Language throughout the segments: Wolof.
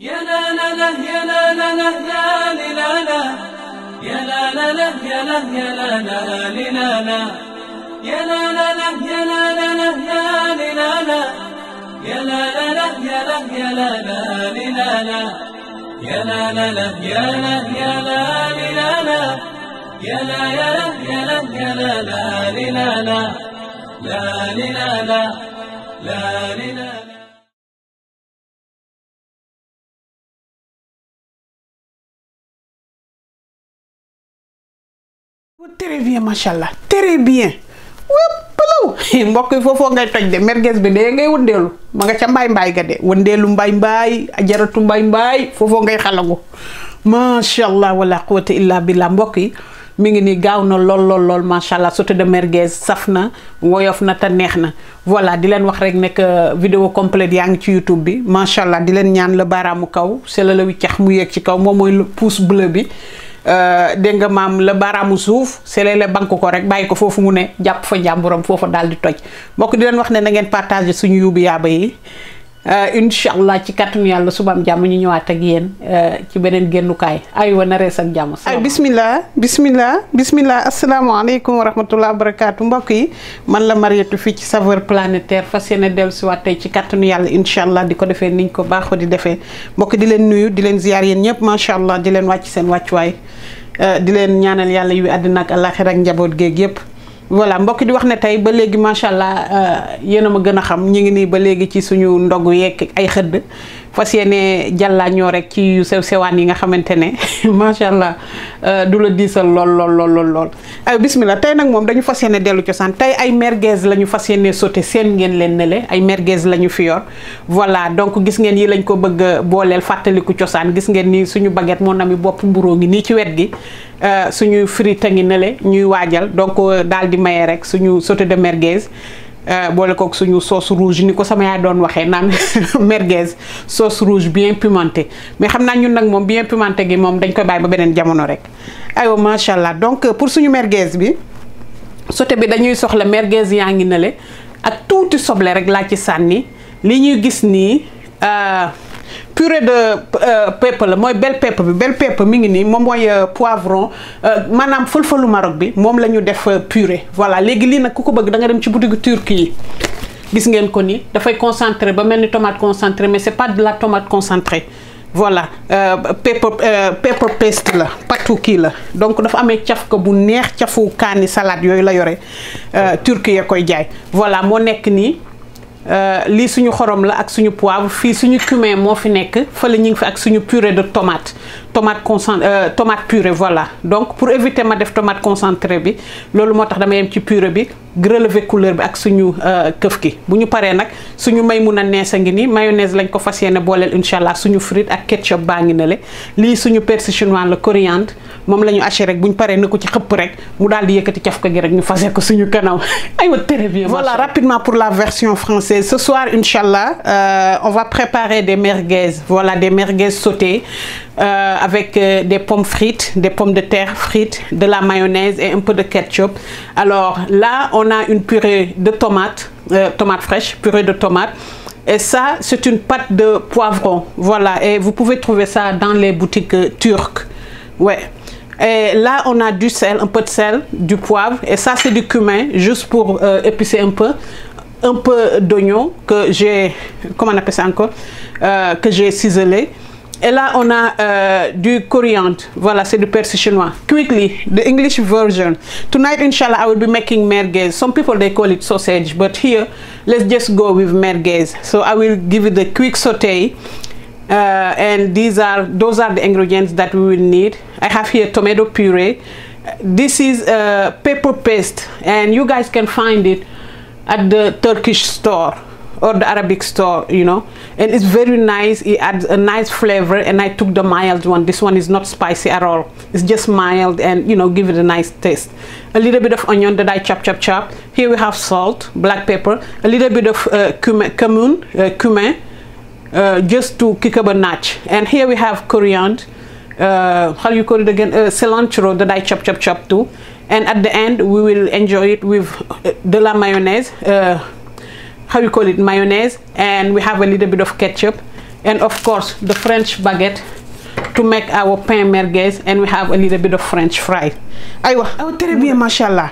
يا لا لا لا يا لا لا لا لا لا لا يا لا لا لا يا لا يا لا لا لا لا يا لا لا لا يا لا لا لا لا لا لا يا لا لا لا يا لا يا لا لا لا لا يا لا لا لا يا لا يا لا لا لا يا لا يا لا يا لا يا لا لا لا لا لا لا لا لا لا très bien macha allah très bien wëppalaw mbokk yi foofoo ngay toj de merguez bi de ngay wëndeelu ma nga ca mbaay mbaay ga de wëndeelu mbaay mbaay ajaratu mbaay mbaay foofoo ngay xalagu macha allah wala quwata illa billah mbokk yi mu ngi nii gaaw na lool lool lool macha allah sauté de merguez saf na woyof na te neex na voilà di leen wax rek nekk euh, video complète yaa ngi ci youtube bi macha allah di leen ñaan la baaraamu kaw sela la wi mu yéeg ci kaw moom mooy pouce bleu bi Euh, dégg nga maam la baaraamu suuf sele la bank ko rek bàyyi ko foofu mu ne jàpp fa njàmburam foofu daal di toj mbokk di leen wax ne na ngeen partager suñu yuubu yaaba yi Euh, incha allah ci kàttanu yàlla subaam jàmm ñu ñëwaat ak yéen euh, ci beneen génnukaay aywa na rees ak jàmm. ay bismillah bismillah bismillah asalaamaaleykum wa rahmatullah wa barakaatu mbokk yi man la Mariétou fii ci saveur planétaire fas yéene dellusiwaat tey ci kàttanu yàlla incha allah di ko defee niñ ko baaxoo di defee mbokk di leen nuyu di leen ziar yéen ñëpp macha allah di leen wàcc seen wàccuwaay euh, di leen ñaanal yàlla yu àddina ak àllaaxira ak njaboot géeg yëpp. voilà mbokk di wax na tey ba léegi macha allah euh, yéen a ma gën a xam ñu ngi nii ba léegi ci suñu ndogu yeeg ay xëdd fas yéene jàllaa ñoo rek ci yu sew sewaan yi nga xamante ne macha allah euh, du la diisal lool lool lool lool ay euh, bismillah tey nag moom dañu fas yéene dellu cosaan tey ay merguez la ñu fas yéene sauté seen ngeen leen nele ay merguez lañu ñu voilà donc gis ngeen yi lañ ko bëgg a booleel fàttaliku cosaan gis ngeen nii suñu baguette moo nami bopp mburoo ngi nii ci wet gi. Euh, suñu frite ngi ne ñuy waajal donc daal di maye rek suñu sauté de merguez. Euh, boole kook suñu sauce rouge ni ko sama yaay doon waxe nan merguez sauce rouge bien pimentée mais xamna ñun nak mom bien pimenté gi mom dañ koy bàyyi ba benen jamono rek aywa macha allah donc euh, pour suñu merguez bi sauté bi dañuy soxla merguez yaangi ngi nale ak touti soble rek la ci sanni li ñuy gis euh purée de euh, pepp la mooy bel pepp bi bel pepp mi ngi euh, poivron euh, manam fël Maroc bi mom lañu def purée voilà légui li nak ku un bëgg da nga dem ci boutique turque yi gis ngeen ko da fay concentré ba melni tomate concentrée mais c'est pas de la tomate concentrée voilà pepper pepper paste la patu kii la donc dafa amé caf ko bu neex tiafou salade yoy la yoré turque ya jaay voilà mon nekk ni Euh, lii suñu xorom la ak suñu poivre fii suñu cumin moo fi nekk fële ñu ngi fi ak suñu pure de tomate tomate concentré euh, tomate purée voilà donc pour éviter ma def tomate concentrée, bi loolu motax dama yem ci purée bi grelever couleur bi ak suñu euh, këf gi bu ñu vous suñu may muna a mayonnaise lañ ko fas à suñu frite ak ketchup baa ngi le lii suñu persil chinois le coriandre mom la haché rek buñu paré paree ko ci xep rek mu dal di gi rek ñu ko suñu très voilà rapidement pour la version française ce soir incha euh, on va préparer des merguez voilà des merguez sautées euh, avec euh, des pommes frites, des pommes de terre frites, de la mayonnaise et un peu de ketchup. Alors là, on a une purée de tomates, euh, tomates fraîches, purée de tomates. Et ça, c'est une pâte de poivron. Voilà, et vous pouvez trouver ça dans les boutiques turques. Ouais. Et là, on a du sel, un peu de sel, du poivre. Et ça, c'est du cumin, juste pour épicer un peu un peu d'oignon que j'ai, comment on appelle ça encore, que j'ai ciselé. Et là, on a euh, du coriandre. Voilà, c'est du persil chinois. Quickly, the English version. Tonight, inshallah, I will be making merguez. Some people, they call it sausage. But here, let's just go with merguez. So I will give you the quick saute. Uh, and these are, those are the ingredients that we will need. I have here tomato puree. This is uh, pepper paste. And you guys can find it at the Turkish store or the Arabic store, you know. And it's very nice. It adds a nice flavor. And I took the mild one. This one is not spicy at all. It's just mild and, you know, give it a nice taste. A little bit of onion that I chop, chop, chop. Here we have salt, black pepper, a little bit of uh, cumin, cumin, uh, cumin uh, just to kick up a notch. And here we have coriander. Uh, how you call it again uh, cilantro that I chop chop chop too and at the end we will enjoy it with the uh, de la mayonnaise uh, how you call it mayonnaise and we have a little bit of ketchup and of course the french baguette to make our pain merguez and we have a little bit of french fry aywa aw oh, très bien macha allah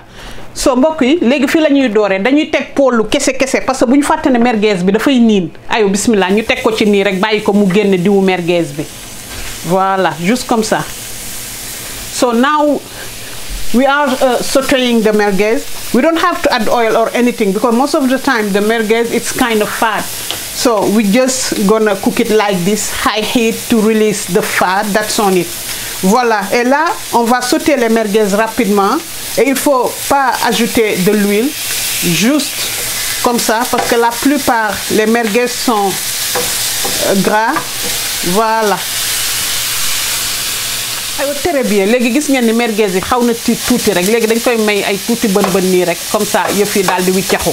so mbokk yi léegi fii la ñuy dooree dañuy teg poolu kese kese parce que bu ñu fàtte ne bi dafay niin ayo bismillah ñu teg ko ci nii rek bàyyi ko mu génne diwu merguez bi voilà juste comme ça so now we are uh, the merguez. We don't have to add oil or anything because most of the time the merguez it's kind of fat. So we just gonna cook it like this, high heat to release the fat that's on it. Voilà, et là, on va sauter les merguez rapidement et il faut pas ajouter de l'huile, juste comme ça parce que la plupart les merguez sont euh, gras. Voilà. aywa très bien léegi gis ngeen ni merguez yi xaw na ci tuuti rek léegi dañ koy may ay tuuti bën bën nii rek comme ça yëf yi daal di wiccaxu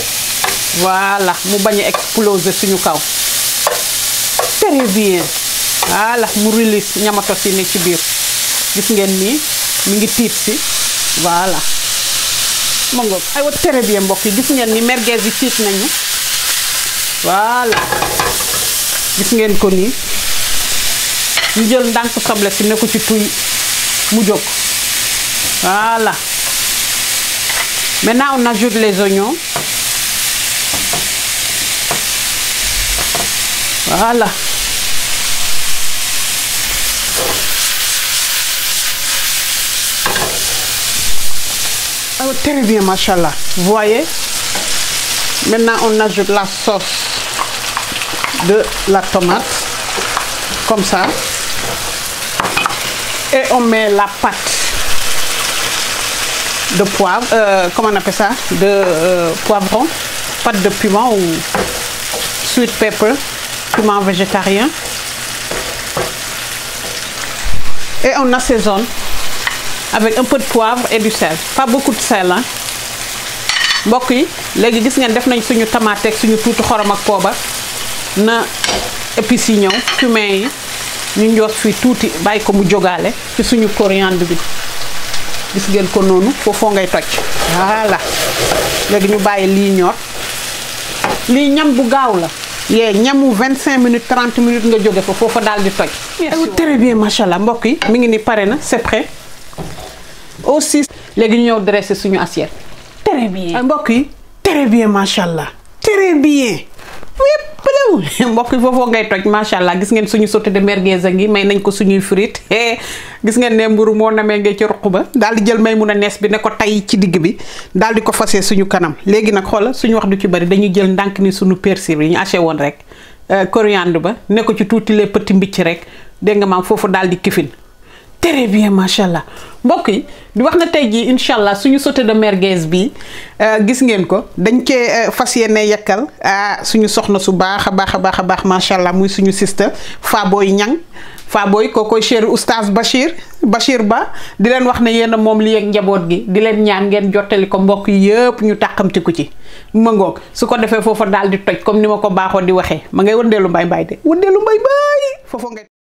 voilà mu bañ a exploser suñu kaw très bien voilà mu release ñamato yi ne ci biir gis ngeen nii mu ngi tiit si voilà ma ngoog aywa très bien mbokk yi gis ngeen ni merguez yi tiit nañu voilà gis ngeen ko nii jël ndànk soble ne ci voilà maintenant on ajoute les oignons voilà oh, très bien machallah vous voyez maintenant on ajoute la sauce de la tomate comme ça et on met la pâte de poivre, euh, comment on appelle ça, de euh, poivron, pâte de piment ou sweet pepper, piment végétarien. Et on assaisonne avec un peu de poivre et du sel. Pas beaucoup de sel. Hein? beaucoup les léegi gis ngeen def nañ suñu tamaate suñu tuuti xorom épices ñu njoos fii tuuti bàyyi ko mu jógaale ci suñu coriandre bi gis ngeen ko noonu foofoo ngay toj voilà léegi ñu bàyyi lii ñor lii ñam bu gaaw la yee ñamu 25 minutes 30 minutes nga jóge fa foofa daal di toj eh, très bien macha allah mbokk yi mi ngi ni pare na c'est prêt aussi léegi ñu ñëw dressé suñu assiette très bien eh, mbokk yi très bien macha allah très bien mbokk yi foofoo ngay toj macha allah gis ngeen suñu sauté de merguez a ngi may nañ ko suñuy frite gis ngeen ne mburu moo namee ngay ci ruq ba daal di jël may mun a nees bi ne ko tay ci digg bi daal di ko fase suñu kanam léegi nag xoola suñu wax du ci bari dañuy jël ndànk ni suñu persil yi ñu aché woon rek euh, coriandre ba ne ko ci tuuti les petits mbicc rek dégg nga maam foofu daal di kifin très bien macha allah mbokk yi di wax na tey jii incha allah suñu sauté de merguez bi euh, gis ngeen ko dañ cee euh, fas yéene yekkal ah suñu soxna su baax a baax a baax a baax macha allah muy suñu sista Faboy Niang koo kookoy cher oustaz Bachir Bachir Ba di leen wax ne yéen moom li yeeg njaboot gi di leen ñaan ngeen jottali ko mbokk yëpp ñu tàkkamtiku ci ma ngoog su ko defee foofa daal di toj comme ni ma ko baaxoo di waxee ma ngay wëndeelu mbay mbay de